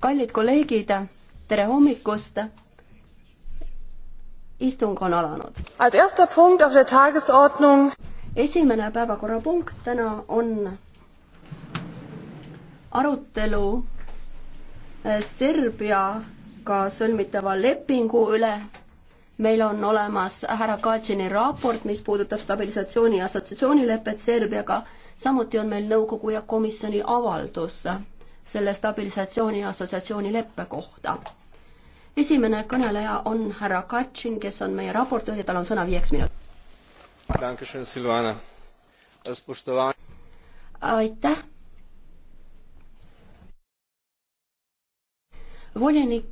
kallid kolleegid, tere hommikust. istung on alanud. esimene päevakorrapunkt täna on arutelu eh, Serbiaga sõlmitava lepingu üle meil on olemas härra Kadžini raport, mis puudutab stabilisatsiooni ja assotsiatsioonilepet Serbiaga samuti on meil nõukogu ja komisjoni avaldus selle stabilisatsiooni ja assotsiatsiooni leppe kohta. esimene kõneleja on härra Katšin, kes on meie raportöör ja tal on sõna viieks minutiks. aitäh. volinik,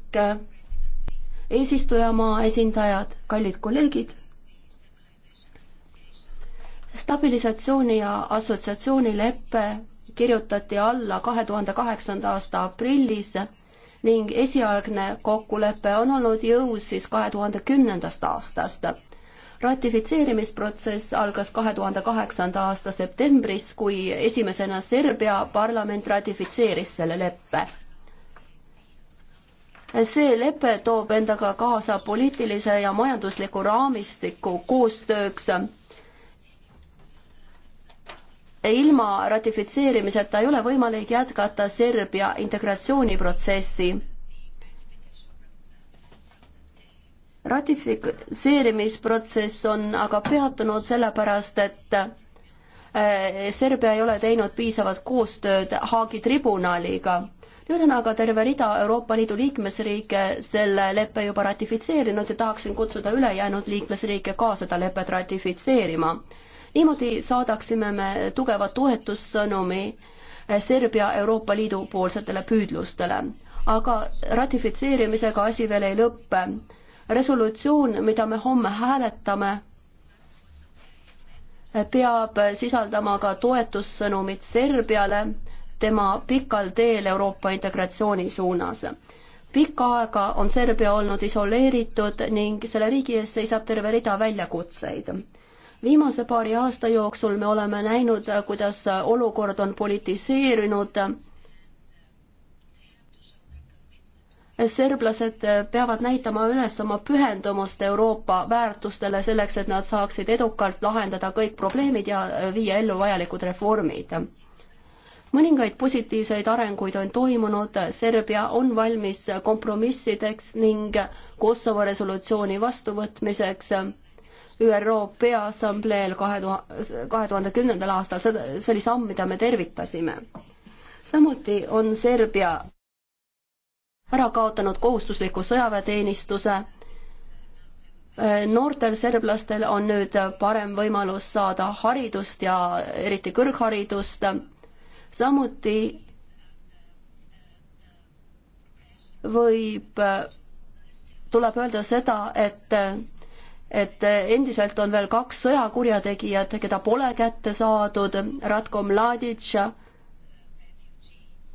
eesistujamaa esindajad, kallid kolleegid stabilisatsiooni ja assotsiatsioonileppe kirjutati alla kahe tuhande kaheksanda aasta aprillis ning esialgne kokkulepe on olnud jõus siis kahe tuhande kümnendast aastast. ratifitseerimisprotsess algas kahe tuhande kaheksanda aasta septembris, kui esimesena Serbia parlament ratifitseeris selle leppe. see lepe toob endaga kaasa poliitilise ja majandusliku raamistiku koostööks ilma ratifitseerimiseta ei ole võimalik jätkata Serbia integratsiooniprotsessi. ratifitseerimisprotsess on aga peatunud sellepärast, et äh, Serbia ei ole teinud piisavat koostööd Haagi tribunaliga. nüüd on aga terve rida Euroopa Liidu liikmesriike selle leppe juba ratifitseerinud ja tahaksin kutsuda ülejäänud liikmesriike ka seda lepet ratifitseerima niimoodi saadaksime me tugeva toetussõnumi eh, Serbia Euroopa Liidu poolsetele püüdlustele. aga ratifitseerimisega asi veel ei lõppe. resolutsioon, mida me homme hääletame, eh, peab sisaldama ka toetussõnumit Serbiale tema pikal teel Euroopa integratsiooni suunas pikka aega on Serbia olnud isoleeritud ning selle riigi ees seisab terve rida väljakutseid viimase paari aasta jooksul me oleme näinud, kuidas olukord on politiseerunud. serblased peavad näitama üles oma pühendumust Euroopa väärtustele selleks, et nad saaksid edukalt lahendada kõik probleemid ja viia ellu vajalikud reformid. mõningaid positiivseid arenguid on toimunud, Serbia on valmis kompromissideks ning Kosovo resolutsiooni vastuvõtmiseks ÜRO Peaassambleel kahe tuhande, kahe tuhande kümnendal aastal, see oli samm, mida me tervitasime. samuti on Serbia ära kaotanud kohustusliku sõjaväeteenistuse, noortel serblastel on nüüd parem võimalus saada haridust ja eriti kõrgharidust, samuti võib, tuleb öelda seda, et et endiselt on veel kaks sõjakurjategijat, keda pole kätte saadud, Ratko Mladic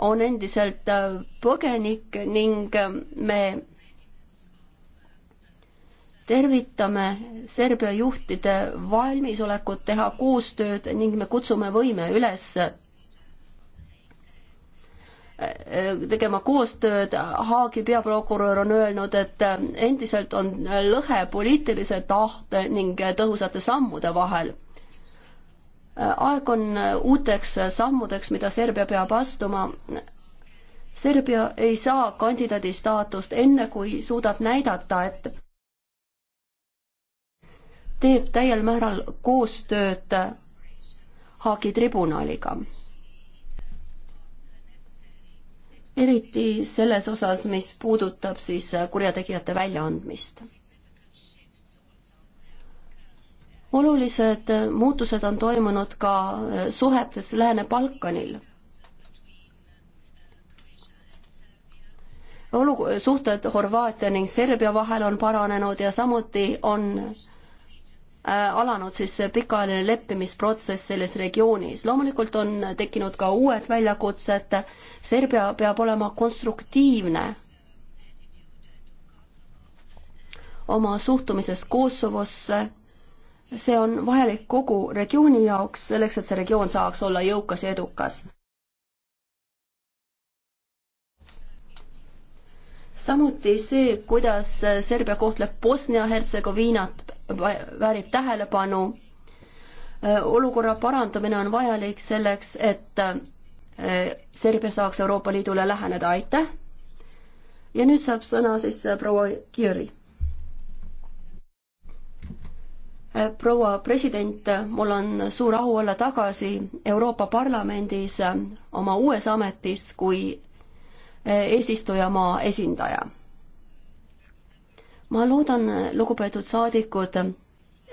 on endiselt äh, põgenik ning äh, me tervitame Serbia juhtide valmisolekut teha koostööd ning me kutsume võime üles tegema koostööd. Haagi peaprokurör on öelnud, et endiselt on lõhe poliitilise tahte ning tõhusate sammude vahel. aeg on uuteks sammudeks, mida Serbia peab astuma. Serbia ei saa kandidaadi staatust enne, kui suudab näidata, et teeb täiel määral koostööd Haagi tribunaliga eriti selles osas, mis puudutab siis kurjategijate väljaandmist. olulised muutused on toimunud ka suhetes Lääne-Balkanil. olu-, suhted Horvaatia ning Serbia vahel on paranenud ja samuti on Äh, alanud siis pikaajaline leppimisprotsess selles regioonis. loomulikult on tekkinud ka uued väljakutsed. Serbia peab olema konstruktiivne oma suhtumises Kosovosse. see on vajalik kogu regiooni jaoks, selleks et see regioon saaks olla jõukas ja edukas. samuti see, kuidas Serbia kohtleb Bosnia-Hertsegoviinat väärib tähelepanu. Äh, olukorra parandamine on vajalik selleks, et äh, Serbia saaks Euroopa Liidule läheneda, aitäh. ja nüüd saab sõna siis äh, proua Kiiri. proua president, mul on suur au olla tagasi Euroopa Parlamendis oma uues ametis kui eesistujamaa esindaja ma loodan, lugupeetud saadikud,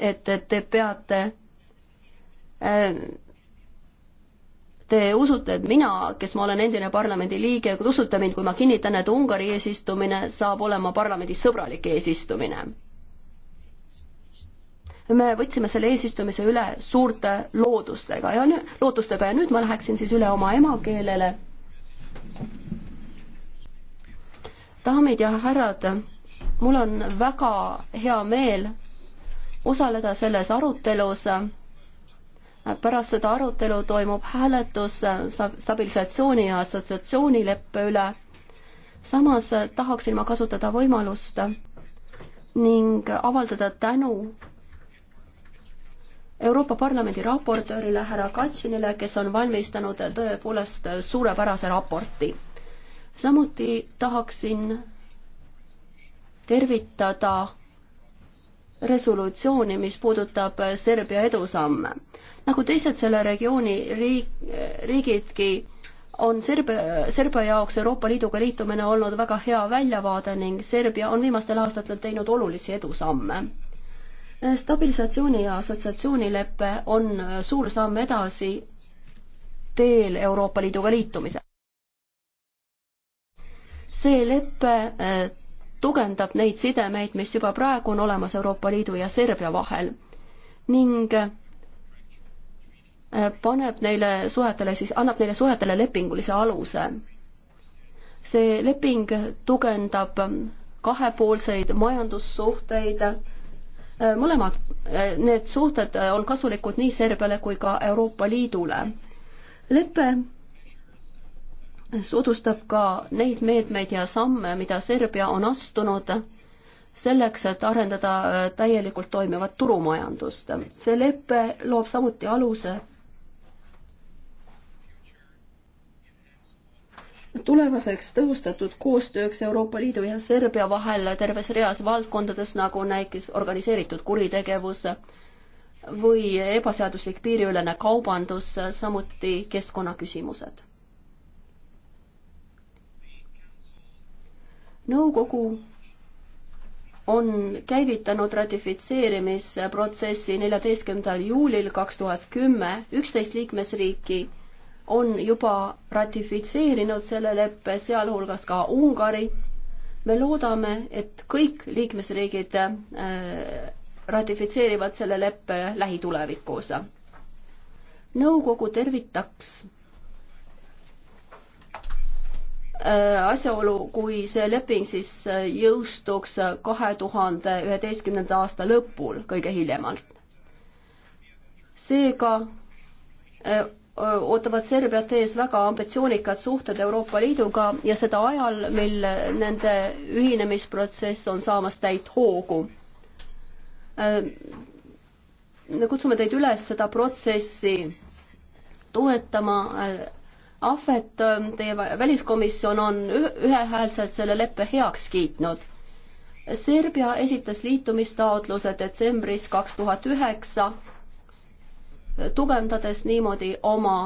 et te peate äh, Te usute, et mina, kes ma olen endine parlamendi liige, usute mind, kui ma kinnitan, et Ungari eesistumine saab olema parlamendi sõbralik eesistumine. me võtsime selle eesistumise üle suurte loodustega ja nüüd, lootustega ja nüüd ma läheksin siis üle oma emakeelele. daamid ja härrad mul on väga hea meel osaleda selles arutelus. pärast seda arutelu toimub hääletus stabilisatsiooni ja assotsiatsioonileppe üle. samas tahaksin ma kasutada võimalust ning avaldada tänu Euroopa Parlamendi raportöörile härra Katšinile, kes on valmistanud tõepoolest suurepärase raporti. samuti tahaksin tervitada resolutsiooni, mis puudutab Serbia edusamme. nagu teised selle regiooni riik, riigidki, on Serbia, Serbia jaoks Euroopa Liiduga liitumine olnud väga hea väljavaade ning Serbia on viimastel aastatel teinud olulisi edusamme. stabilisatsiooni ja assotsiatsioonilepe on suur samm edasi teel Euroopa Liiduga liitumisel. see lepe eh, tugevdab neid sidemeid, mis juba praegu on olemas Euroopa Liidu ja Serbia vahel ning äh, paneb neile suhetele siis, annab neile suhetele lepingulise aluse. see leping tugevdab äh, kahepoolseid majandussuhteid, äh, mõlemad, need suhted on kasulikud nii Serbiale kui ka Euroopa Liidule. lepe soodustab ka neid meetmeid ja samme, mida Serbia on astunud selleks, et arendada äh, täielikult toimivat turumajandust. see lepe loob samuti aluse tulevaseks tõhustatud koostööks Euroopa Liidu ja Serbia vahel terves reas valdkondades, nagu näiteks organiseeritud kuritegevus või ebaseaduslik piiriülene kaubandus, samuti keskkonnaküsimused nõukogu on käivitanud ratifitseerimisprotsessi neljateistkümnendal juulil kaks tuhat kümme, üksteist liikmesriiki on juba ratifitseerinud selle leppe, sealhulgas ka Ungari. me loodame, et kõik liikmesriigid äh, ratifitseerivad selle leppe lähitulevikus. nõukogu tervitaks Äh, asjaolu, kui see leping siis äh, jõustuks äh, kahe tuhande üheteistkümnenda aasta lõpul kõige hiljemalt. seega ootavad Serbiat ees väga ambitsioonikad suhted Euroopa Liiduga ja seda ajal, mil nende ühinemisprotsess on saamas täit hoogu. me kutsume teid üles seda protsessi toetama ahvet, ähm, teie väliskomisjon on ühehäälselt selle leppe heaks kiitnud. Serbia esitas liitumistaotluse detsembris kaks tuhat üheksa, tugevdades niimoodi oma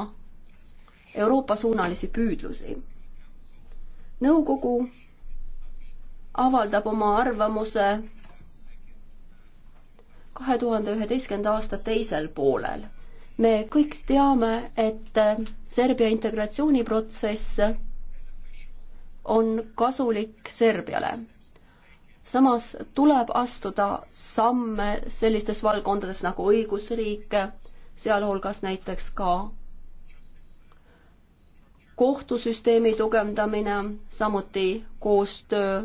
Euroopa-suunalisi püüdlusi. nõukogu avaldab oma arvamuse kahe tuhande üheteistkümnenda aasta teisel poolel me kõik teame, et äh, Serbia integratsiooniprotsess on kasulik Serbiale. samas tuleb astuda samme sellistes valdkondades nagu õigusriik, sealhulgas näiteks ka kohtusüsteemi tugevdamine, samuti koostöö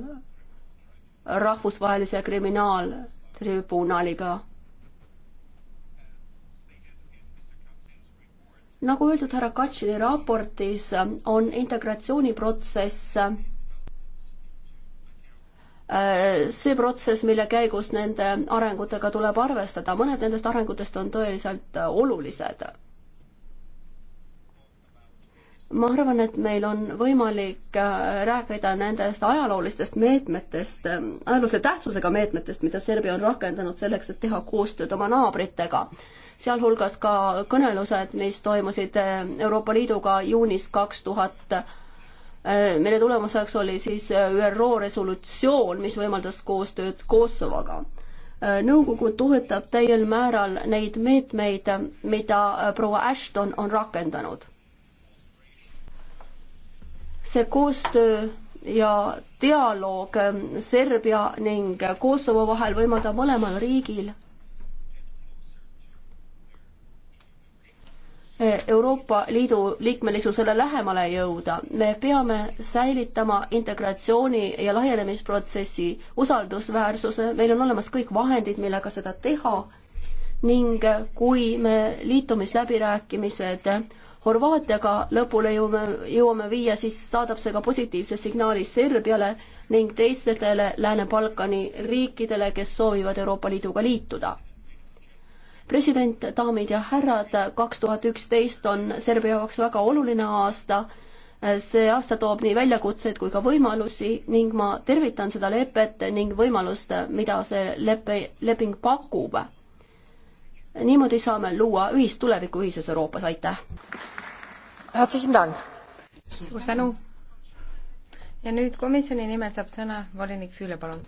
rahvusvahelise kriminaaltribunaliga nagu öeldud härra Katšini raportis, on integratsiooniprotsess äh, see protsess, mille käigus nende arengutega tuleb arvestada, mõned nendest arengutest on tõeliselt äh, olulised. ma arvan, et meil on võimalik äh, rääkida nendest ajaloolistest meetmetest, ajaloolise tähtsusega meetmetest, mida Serbia on rakendanud selleks, et teha koostööd oma naabritega sealhulgas ka kõnelused, mis toimusid eh, Euroopa Liiduga juunis kaks tuhat eh, mille tulemuseks oli siis eh, ÜRO resolutsioon, mis võimaldas koostööd Kosovoga. nõukogu toetab täiel määral neid meetmeid, mida proua Ashton on rakendanud. see koostöö ja dialoog Serbia ning Kosovo vahel võimaldab mõlemal riigil Euroopa Liidu liikmelisusele lähemale jõuda. me peame säilitama integratsiooni ja laienemisprotsessi usaldusväärsuse, meil on olemas kõik vahendid, millega seda teha ning kui me liitumisläbirääkimised Horvaatiaga lõpule jõuame, jõuame viia, siis saadab see ka positiivse signaali Serbiale ning teistele Lääne-Balkani riikidele, kes soovivad Euroopa Liiduga liituda president, daamid ja härrad, kaks tuhat üksteist on Serbia jaoks väga oluline aasta. see aasta toob nii väljakutseid kui ka võimalusi ning ma tervitan seda lepet ning võimalust, mida see lepe, leping pakub. niimoodi saame luua ühist tulevikku ühises Euroopas, aitäh! suur tänu! ja nüüd komisjoni nimel saab sõna volinik Füüle, palun!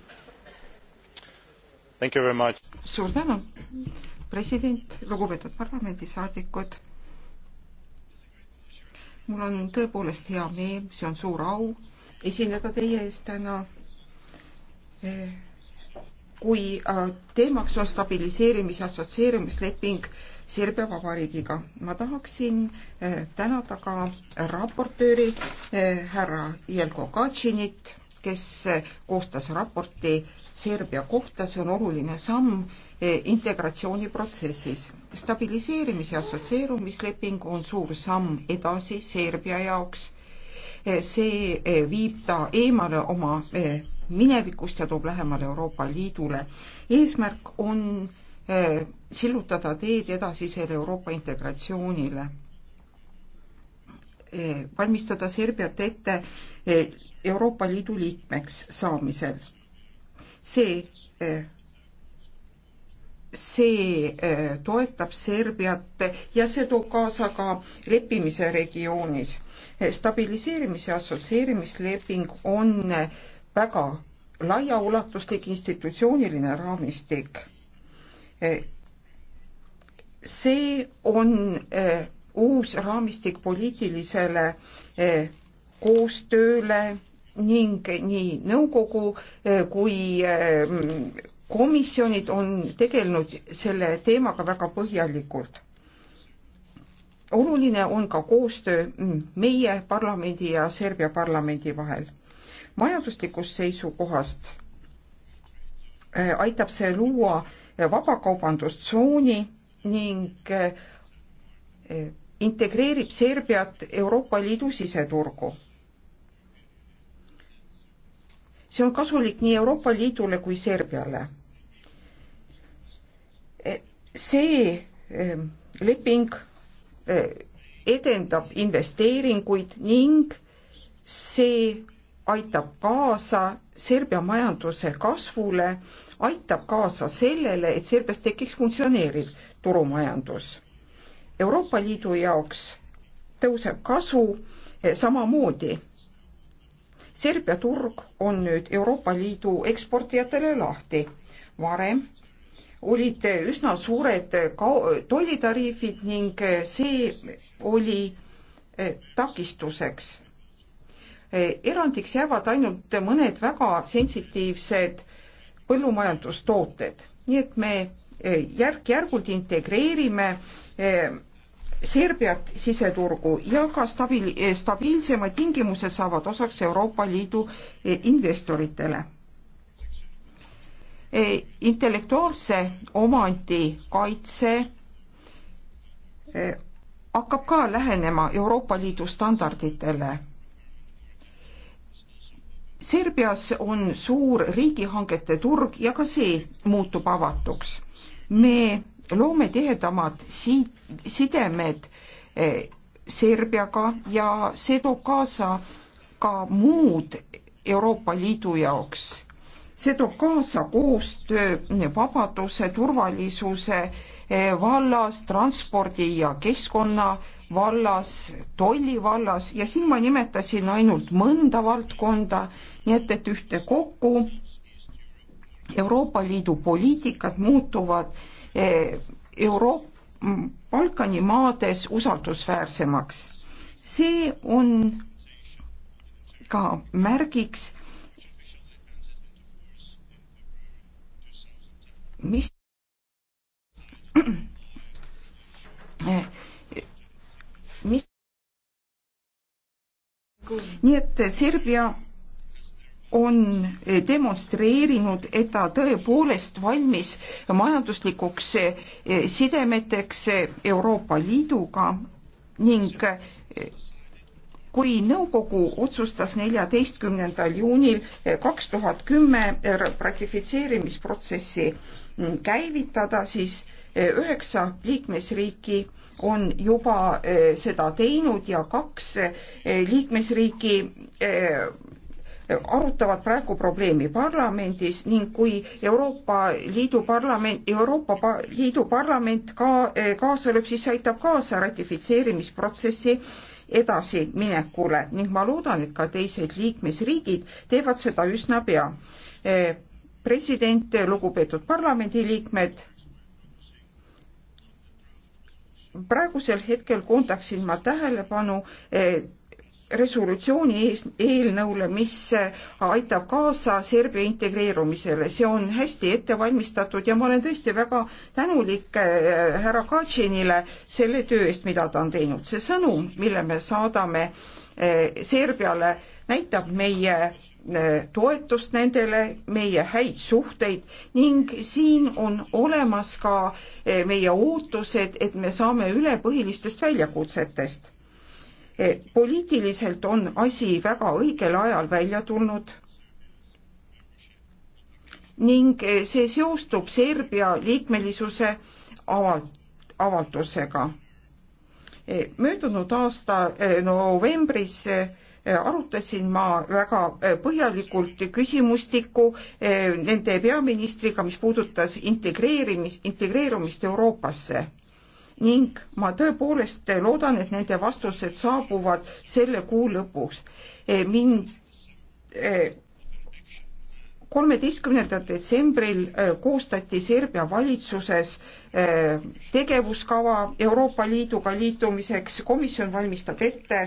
suur tänu! president, lugupeetud parlamendisaadikud. mul on tõepoolest hea meel, see on suur au esineda teie ees täna. Eh, kui äh, teemaks on stabiliseerimis- ja assotsieerimisleping Serbia Vabariigiga, ma tahaksin äh, tänada ka raportööri äh, härra Jelko Katšinit, kes koostas raporti Serbia kohta, see on oluline samm Eh, integratsiooniprotsessis. stabiliseerimis- ja assotsieerumisleping on suur samm edasi Serbia jaoks. Eh, see eh, viib ta eemale oma minevikust ja toob lähemale Euroopa Liidule. eesmärk on sillutada teed edasisele Euroopa integratsioonile, valmistada Serbiat ette Euroopa Liidu liikmeks saamisel. see see äh, toetab Serbiat ja see toob kaasa ka leppimise regioonis. stabiliseerimise assotsieerimisleping on väga laiaulatuslik institutsiooniline raamistik. see on äh, uus raamistik poliitilisele äh, koostööle ning nii nõukogu kui komisjonid on tegelenud selle teemaga väga põhjalikult. oluline on ka koostöö meie parlamendi ja Serbia parlamendi vahel. majanduslikust seisukohast äh, aitab see luua vabakaubandustsooni ning äh, integreerib Serbiat Euroopa Liidu siseturgu see on kasulik nii Euroopa Liidule kui Serbiale see ehm, leping eh, edendab investeeringuid ning see aitab kaasa Serbia majanduse kasvule, aitab kaasa sellele, et Serbias tekiks funktsioneeriv turumajandus. Euroopa Liidu jaoks tõuseb kasu eh, samamoodi. Serbia turg on nüüd Euroopa Liidu eksportijatele lahti. varem olid üsna suured tollitariifid ning see oli eh, takistuseks. Eh, erandiks jäävad ainult mõned väga sensitiivsed põllumajandustooted, nii et me eh, järk-järgult integreerime Serbiat siseturgu ja ka stabiil-, stabiilsemad tingimused saavad osaks Euroopa Liidu investoritele Eh, intellektuaalse omandi kaitse eh, hakkab ka lähenema Euroopa Liidu standarditele. Serbias on suur riigihangete turg ja ka see muutub avatuks. me loome tihedamad si-, sidemed eh, Serbiaga ja see toob kaasa ka muud Euroopa Liidu jaoks see toob kaasa koostöö vabaduse, turvalisuse eh, vallas, transpordi ja keskkonna vallas, tolli vallas ja siin ma nimetasin ainult mõnda valdkonda, nii et, et ühtekokku Euroopa Liidu poliitikad muutuvad eh, Euroopa, Balkani maades usaldusväärsemaks. see on ka märgiks mis mis nii et Serbia on demonstreerinud, et ta tõepoolest valmis majanduslikuks sidemeteks Euroopa Liiduga ning kui nõukogu otsustas neljateistkümnendal juunil eh, kaks tuhat kümme ratifitseerimisprotsessi mm, käivitada, siis eh, üheksa liikmesriiki on juba eh, seda teinud ja kaks liikmesriiki arutavad praegu probleemi parlamendis ning kui Euroopa Liidu parlament, Euroopa Liidu parlament ka kaasa lööb, siis see aitab kaasa ratifitseerimisprotsessi edasiminekule ning ma loodan, et ka teised liikmesriigid teevad seda üsna pea. Eh, president, lugupeetud parlamendiliikmed, praegusel hetkel koondaksin ma tähelepanu eh, resolutsiooni ees, eelnõule, mis aitab kaasa Serbia integreerumisele. see on hästi ette valmistatud ja ma olen tõesti väga tänulik äh, härra Kačinile selle töö eest, mida ta on teinud. see sõnum, mille me saadame äh, Serbiale, näitab meie äh, toetust nendele, meie häid suhteid ning siin on olemas ka meie ootused, et me saame üle põhilistest väljakutsetest poliitiliselt on asi väga õigel ajal välja tulnud ning see seostub Serbia liikmelisuse avaldusega. möödunud aasta eh, novembris eh, arutasin ma väga eh, põhjalikult küsimustikku nende peaministriga, mis puudutas integreerimist, integreerumist Euroopasse ning ma tõepoolest loodan, et nende vastused saabuvad selle kuu lõpuks. Eh, mind eh, kolmeteistkümnendal detsembril eh, koostati Serbia valitsuses tegevuskava Euroopa Liiduga liitumiseks, komisjon valmistab ette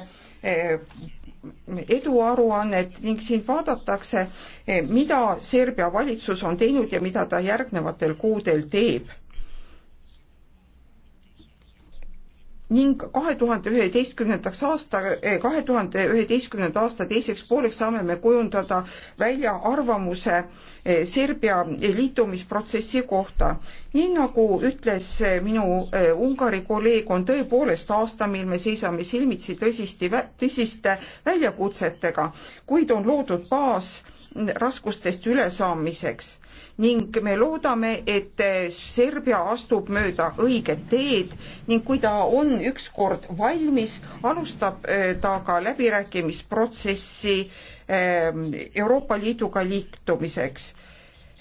eduaruannet ning siin vaadatakse, mida Serbia valitsus on teinud ja mida ta järgnevatel kuudel teeb ning kahe tuhande üheteistkümnendaks aasta, eh, kahe tuhande üheteistkümnenda aasta teiseks pooleks saame me kujundada välja arvamuse eh, Serbia liitumisprotsessi kohta. nii nagu ütles eh, minu Ungari kolleeg, on tõepoolest aasta, mil me seisame silmitsi tõsisti, tõsiste väljakutsetega, kuid on loodud baas mm, raskustest ülesaamiseks ning me loodame, et Serbia astub mööda õiget teed ning kui ta on ükskord valmis, alustab äh, ta ka läbirääkimisprotsessi ähm, Euroopa Liiduga liitumiseks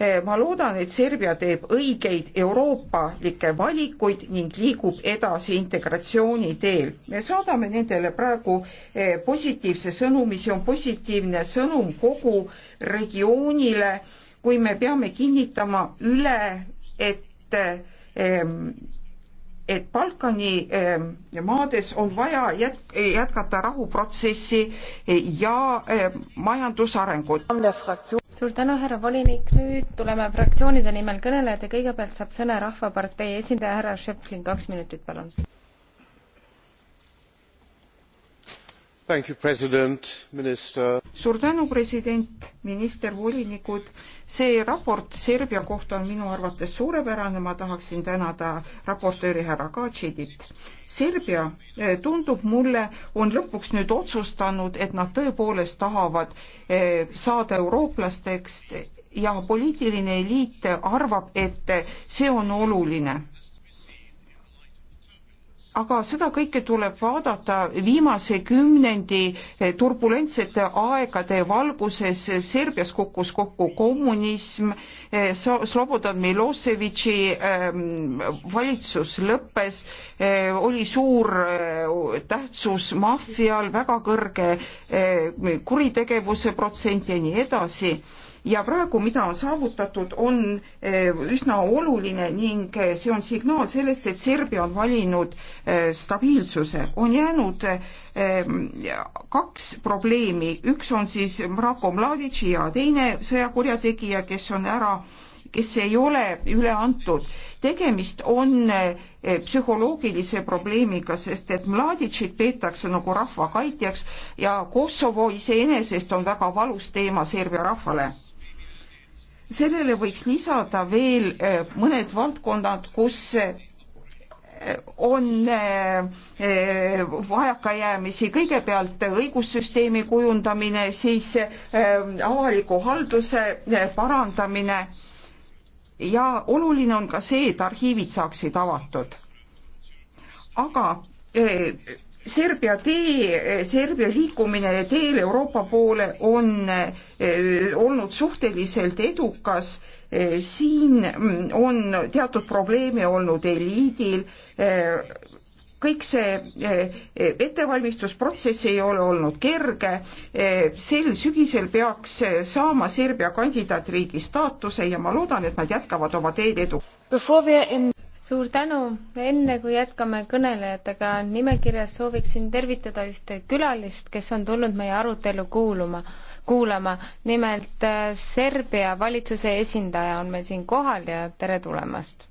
äh, ma loodan, et Serbia teeb õigeid euroopalikke valikuid ning liigub edasi integratsiooni teel. me saadame nendele praegu äh, positiivse sõnumi, see on positiivne sõnum kogu regioonile kui me peame kinnitama üle, et ehm, et Balkani ehm, maades on vaja jätk jätkata rahuprotsessi ja ehm, majandusarengut. suur tänu, härra volinik, nüüd tuleme fraktsioonide nimel kõnelejad ja kõigepealt saab sõna Rahvapartei esindaja härra Šeflin, kaks minutit, palun suur tänu, president, minister, volinikud. see raport Serbia kohta on minu arvates suurepärane, ma tahaksin tänada raportööri härra Kadžidit. Serbia, eh, tundub mulle, on lõpuks nüüd otsustanud, et nad tõepoolest tahavad eh, saada eurooplasteks ja poliitiline eliit arvab, et see on oluline aga seda kõike tuleb vaadata viimase kümnendi eh, turbulentsete aegade valguses. Serbias kukkus kokku kommunism, eh, Slobodan Miloševiči eh, valitsus lõppes, oli suur tähtsus maffial, väga kõrge kuritegevuse protsent ja nii edasi ja praegu, mida on saavutatud, on eh, üsna oluline ning eh, see on signaal sellest, et Serbia on valinud eh, stabiilsuse. on jäänud kaks probleemi, üks on siis Mrako Mladic ja teine sõjakurjategija, kes on ära kes ei ole üle antud. tegemist on psühholoogilise probleemiga, sest et Mladicit peetakse nagu rahvakaitjaks ja Kosovo iseenesest on väga valus teema Serbia rahvale sellele võiks lisada veel eh, mõned valdkonnad, kus eh, on eh, vajakajäämisi, kõigepealt õigussüsteemi kujundamine, siis avaliku halduse parandamine ja oluline on ka see, et arhiivid saaksid avatud. aga Serbia tee, Serbia liikumine teel Euroopa poole on eh, olnud suhteliselt edukas. Eh, siin mm, on teatud probleeme olnud eliidil. Eh, kõik see ettevalmistusprotsess ei ole olnud kerge. sel sügisel peaks saama Serbia kandidaatriigi staatuse ja ma loodan, et nad jätkavad oma teed edu. In suur tänu, enne kui jätkame kõnelejatega nimekirjas, sooviksin tervitada ühte külalist, kes on tulnud meie arutelu kuuluma, kuulama. nimelt äh, Serbia valitsuse esindaja on meil siin kohal ja tere tulemast